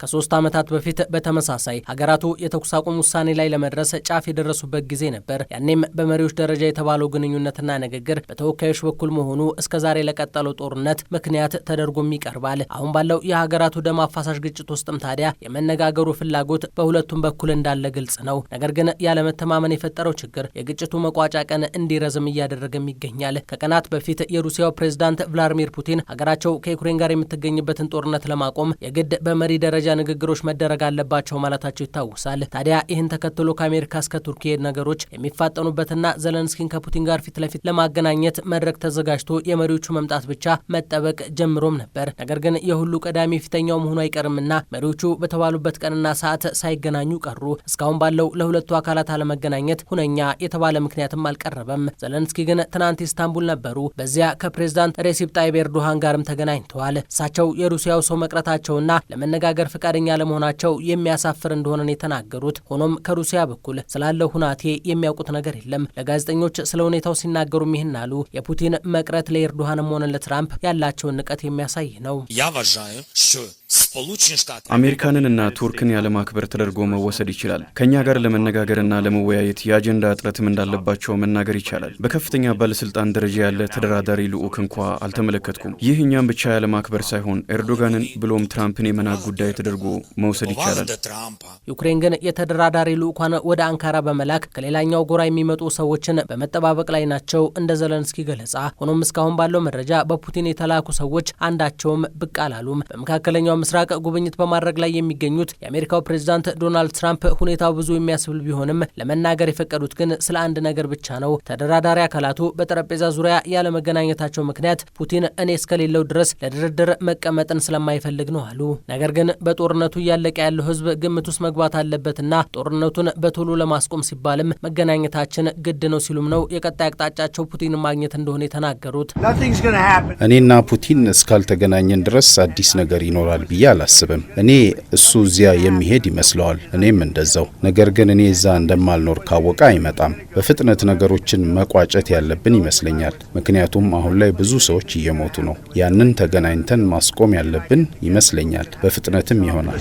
ከሶስት ዓመታት በፊት በተመሳሳይ ሀገራቱ የተኩስ አቁም ውሳኔ ላይ ለመድረስ ጫፍ የደረሱበት ጊዜ ነበር። ያኔም በመሪዎች ደረጃ የተባለው ግንኙነትና ንግግር በተወካዮች በኩል መሆኑ እስከ ዛሬ ለቀጠለው ጦርነት ምክንያት ተደርጎም ይቀርባል። አሁን ባለው የሀገራቱ ደም አፋሳሽ ግጭት ውስጥም ታዲያ የመነጋገሩ ፍላጎት በሁለቱም በኩል እንዳለ ግልጽ ነው። ነገር ግን ያለመተማመን የፈጠረው ችግር የግጭቱ መቋጫ ቀን እንዲረዝም እያደረገም ይገኛል። ከቀናት በፊት የሩሲያው ፕሬዝዳንት ቭላዲሚር ፑቲን ሀገራቸው ከዩክሬን ጋር የምትገኝበትን ጦርነት ለማቆም የግድ በመሪ ደረጃ ደረጃ ንግግሮች መደረግ አለባቸው ማለታቸው ይታወሳል። ታዲያ ይህን ተከትሎ ከአሜሪካ እስከ ቱርክ ነገሮች የሚፋጠኑበትና ዘለንስኪን ከፑቲን ጋር ፊት ለፊት ለማገናኘት መድረክ ተዘጋጅቶ የመሪዎቹ መምጣት ብቻ መጠበቅ ጀምሮም ነበር። ነገር ግን የሁሉ ቀዳሚ ፊተኛው መሆኑ አይቀርምና መሪዎቹ በተባሉበት ቀንና ሰዓት ሳይገናኙ ቀሩ። እስካሁን ባለው ለሁለቱ አካላት አለመገናኘት ሁነኛ የተባለ ምክንያትም አልቀረበም። ዘለንስኪ ግን ትናንት ኢስታንቡል ነበሩ። በዚያ ከፕሬዝዳንት ሬሲፕ ጣይብ ኤርዶሃን ጋርም ተገናኝተዋል። እሳቸው የሩሲያው ሰው መቅረታቸውና ለመነጋገር ፈቃደኛ ለመሆናቸው የሚያሳፍር እንደሆነ የተናገሩት። ሆኖም ከሩሲያ በኩል ስላለው ሁናቴ የሚያውቁት ነገር የለም። ለጋዜጠኞች ስለ ሁኔታው ሲናገሩም ይህን አሉ። የፑቲን መቅረት ለኤርዶሃንም ሆነ ለትራምፕ ያላቸውን ንቀት የሚያሳይ ነው። አሜሪካንን እና ቱርክን ያለማክበር ተደርጎ መወሰድ ይችላል። ከእኛ ጋር ለመነጋገርና ለመወያየት የአጀንዳ እጥረትም እንዳለባቸው መናገር ይቻላል። በከፍተኛ ባለስልጣን ደረጃ ያለ ተደራዳሪ ልዑክ እንኳ አልተመለከትኩም። ይህ እኛም ብቻ ያለማክበር ሳይሆን ኤርዶጋንን ብሎም ትራምፕን የመናቅ ጉዳይ ተደርጎ መውሰድ ይቻላል። ዩክሬን ግን የተደራዳሪ ልዑኳን ወደ አንካራ በመላክ ከሌላኛው ጎራ የሚመጡ ሰዎችን በመጠባበቅ ላይ ናቸው እንደ ዘለንስኪ ገለጻ። ሆኖም እስካሁን ባለው መረጃ በፑቲን የተላኩ ሰዎች አንዳቸውም ብቅ አላሉም። በመካከለኛው ምስራቅ ኢራቅ ጉብኝት በማድረግ ላይ የሚገኙት የአሜሪካው ፕሬዚዳንት ዶናልድ ትራምፕ ሁኔታው ብዙ የሚያስብል ቢሆንም ለመናገር የፈቀዱት ግን ስለ አንድ ነገር ብቻ ነው። ተደራዳሪ አካላቱ በጠረጴዛ ዙሪያ ያለመገናኘታቸው ምክንያት ፑቲን እኔ እስከሌለው ድረስ ለድርድር መቀመጥን ስለማይፈልግ ነው አሉ። ነገር ግን በጦርነቱ እያለቀ ያለው ህዝብ ግምት ውስጥ መግባት አለበትና ጦርነቱን በቶሎ ለማስቆም ሲባልም መገናኘታችን ግድ ነው ሲሉም ነው የቀጣይ አቅጣጫቸው ፑቲን ማግኘት እንደሆነ የተናገሩት። እኔና ፑቲን እስካልተገናኘን ድረስ አዲስ ነገር ይኖራል ብዬ አላስብም። እኔ እሱ እዚያ የሚሄድ ይመስለዋል፣ እኔም እንደዛው። ነገር ግን እኔ እዛ እንደማልኖር ካወቀ አይመጣም። በፍጥነት ነገሮችን መቋጨት ያለብን ይመስለኛል። ምክንያቱም አሁን ላይ ብዙ ሰዎች እየሞቱ ነው። ያንን ተገናኝተን ማስቆም ያለብን ይመስለኛል። በፍጥነትም ይሆናል።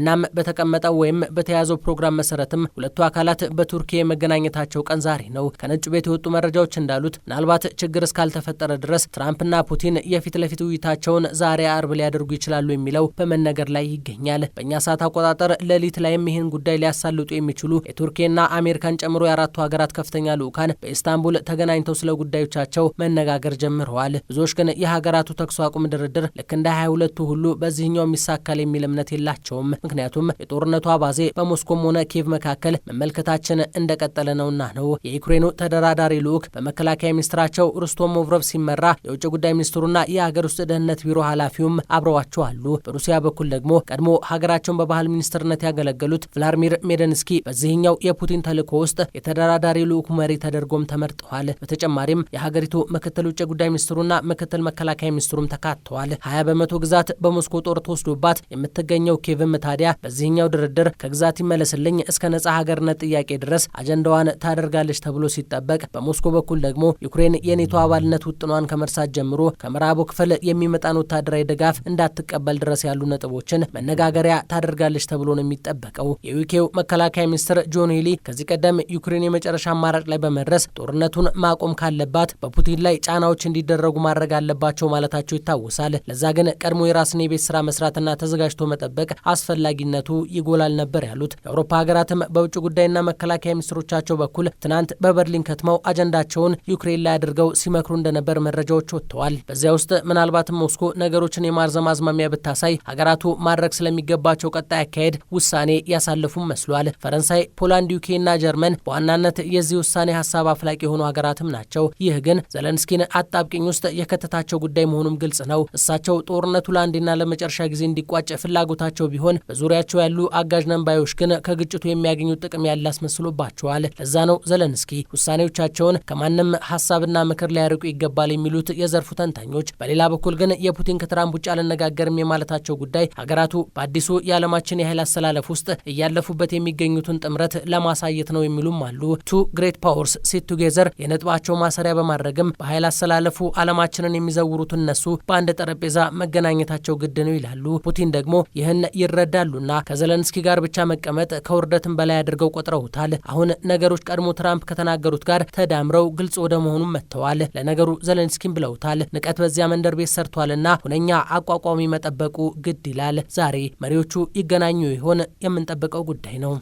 እናም በተቀመጠው ወይም በተያዘው ፕሮግራም መሰረትም ሁለቱ አካላት በቱርኪ የመገናኘታቸው ቀን ዛሬ ነው። ከነጩ ቤት የወጡ መረጃዎች እንዳሉት ምናልባት ችግር እስካልተፈጠረ ድረስ ትራምፕና ፑቲን የፊት ለፊት ውይይታቸውን ዛሬ አርብ ሊያደርጉ ይችላል ይችላሉ የሚለው በመነገር ላይ ይገኛል። በእኛ ሰዓት አቆጣጠር ሌሊት ላይም ይህን ጉዳይ ሊያሳልጡ የሚችሉ የቱርኬና አሜሪካን ጨምሮ የአራቱ ሀገራት ከፍተኛ ልዑካን በኢስታንቡል ተገናኝተው ስለ ጉዳዮቻቸው መነጋገር ጀምረዋል። ብዙዎች ግን የሀገራቱ ተኩስ አቁም ድርድር ልክ እንደ ሀያ ሁለቱ ሁሉ በዚህኛው የሚሳካል የሚል እምነት የላቸውም። ምክንያቱም የጦርነቱ አባዜ በሞስኮም ሆነ ኬቭ መካከል መመልከታችን እንደቀጠለ ነውና ነው። የዩክሬኑ ተደራዳሪ ልዑክ በመከላከያ ሚኒስትራቸው ሩስቶም ሞቭረቭ ሲመራ የውጭ ጉዳይ ሚኒስትሩና የሀገር ውስጥ ደህንነት ቢሮ ኃላፊውም አብረዋቸው ያሏቸው አሉ። በሩሲያ በኩል ደግሞ ቀድሞ ሀገራቸውን በባህል ሚኒስትርነት ያገለገሉት ቭላድሚር ሜደንስኪ በዚህኛው የፑቲን ተልእኮ ውስጥ የተደራዳሪ ልዑኩ መሪ ተደርጎም ተመርጠዋል። በተጨማሪም የሀገሪቱ ምክትል ውጭ ጉዳይ ሚኒስትሩና ምክትል መከላከያ ሚኒስትሩም ተካተዋል። ሀያ በመቶ ግዛት በሞስኮ ጦር ተወስዶባት የምትገኘው ኬቭም ታዲያ በዚህኛው ድርድር ከግዛት ይመለስልኝ እስከ ነጻ ሀገርነት ጥያቄ ድረስ አጀንዳዋን ታደርጋለች ተብሎ ሲጠበቅ በሞስኮ በኩል ደግሞ ዩክሬን የኔቶ አባልነት ውጥኗን ከመርሳት ጀምሮ ከምዕራቡ ክፍል የሚመጣን ወታደራዊ ድጋፍ እንዳት እስክትቀበል ድረስ ያሉ ነጥቦችን መነጋገሪያ ታደርጋለች ተብሎ ነው የሚጠበቀው። የዩኬው መከላከያ ሚኒስትር ጆን ሄሊ ከዚህ ቀደም ዩክሬን የመጨረሻ አማራጭ ላይ በመድረስ ጦርነቱን ማቆም ካለባት በፑቲን ላይ ጫናዎች እንዲደረጉ ማድረግ አለባቸው ማለታቸው ይታወሳል። ለዛ ግን ቀድሞ የራስን የቤት ስራ መስራትና ተዘጋጅቶ መጠበቅ አስፈላጊነቱ ይጎላል ነበር ያሉት። የአውሮፓ ሀገራትም በውጭ ጉዳይና መከላከያ ሚኒስትሮቻቸው በኩል ትናንት በበርሊን ከትመው አጀንዳቸውን ዩክሬን ላይ አድርገው ሲመክሩ እንደነበር መረጃዎች ወጥተዋል። በዚያ ውስጥ ምናልባትም ሞስኮ ነገሮችን የማርዘም አዝማሚ አዝማሚያ ብታሳይ ሀገራቱ ማድረግ ስለሚገባቸው ቀጣይ አካሄድ ውሳኔ ያሳለፉም መስሏል። ፈረንሳይ፣ ፖላንድ፣ ዩኬ እና ጀርመን በዋናነት የዚህ ውሳኔ ሀሳብ አፍላቂ የሆኑ ሀገራትም ናቸው። ይህ ግን ዘለንስኪን አጣብቅኝ ውስጥ የከተታቸው ጉዳይ መሆኑም ግልጽ ነው። እሳቸው ጦርነቱ ለአንዴና ለመጨረሻ ጊዜ እንዲቋጭ ፍላጎታቸው ቢሆን በዙሪያቸው ያሉ አጋዥ ነንባዮች ግን ከግጭቱ የሚያገኙት ጥቅም ያለ አስመስሎባቸዋል። ለዛ ነው ዘለንስኪ ውሳኔዎቻቸውን ከማንም ሀሳብና ምክር ሊያርቁ ይገባል የሚሉት የዘርፉ ተንታኞች። በሌላ በኩል ግን የፑቲን ከትራምፕ ውጭ አልነጋገር አይቀርም የማለታቸው ጉዳይ ሀገራቱ በአዲሱ የዓለማችን የኃይል አሰላለፍ ውስጥ እያለፉበት የሚገኙትን ጥምረት ለማሳየት ነው የሚሉም አሉ። ቱ ግሬት ፓወርስ ሲት ቱጌዘር የነጥባቸው ማሰሪያ በማድረግም በኃይል አሰላለፉ ዓለማችንን የሚዘውሩት እነሱ በአንድ ጠረጴዛ መገናኘታቸው ግድ ነው ይላሉ። ፑቲን ደግሞ ይህን ይረዳሉና ከዘለንስኪ ጋር ብቻ መቀመጥ ከውርደትም በላይ አድርገው ቆጥረውታል። አሁን ነገሮች ቀድሞ ትራምፕ ከተናገሩት ጋር ተዳምረው ግልጽ ወደ መሆኑ መጥተዋል። ለነገሩ ዘለንስኪም ብለውታል። ንቀት በዚያ መንደር ቤት ሰርቷልና ሁነኛ አቋቋሚ መ መጠበቁ ግድ ይላል። ዛሬ መሪዎቹ ይገናኙ ይሆን? የምንጠብቀው ጉዳይ ነው።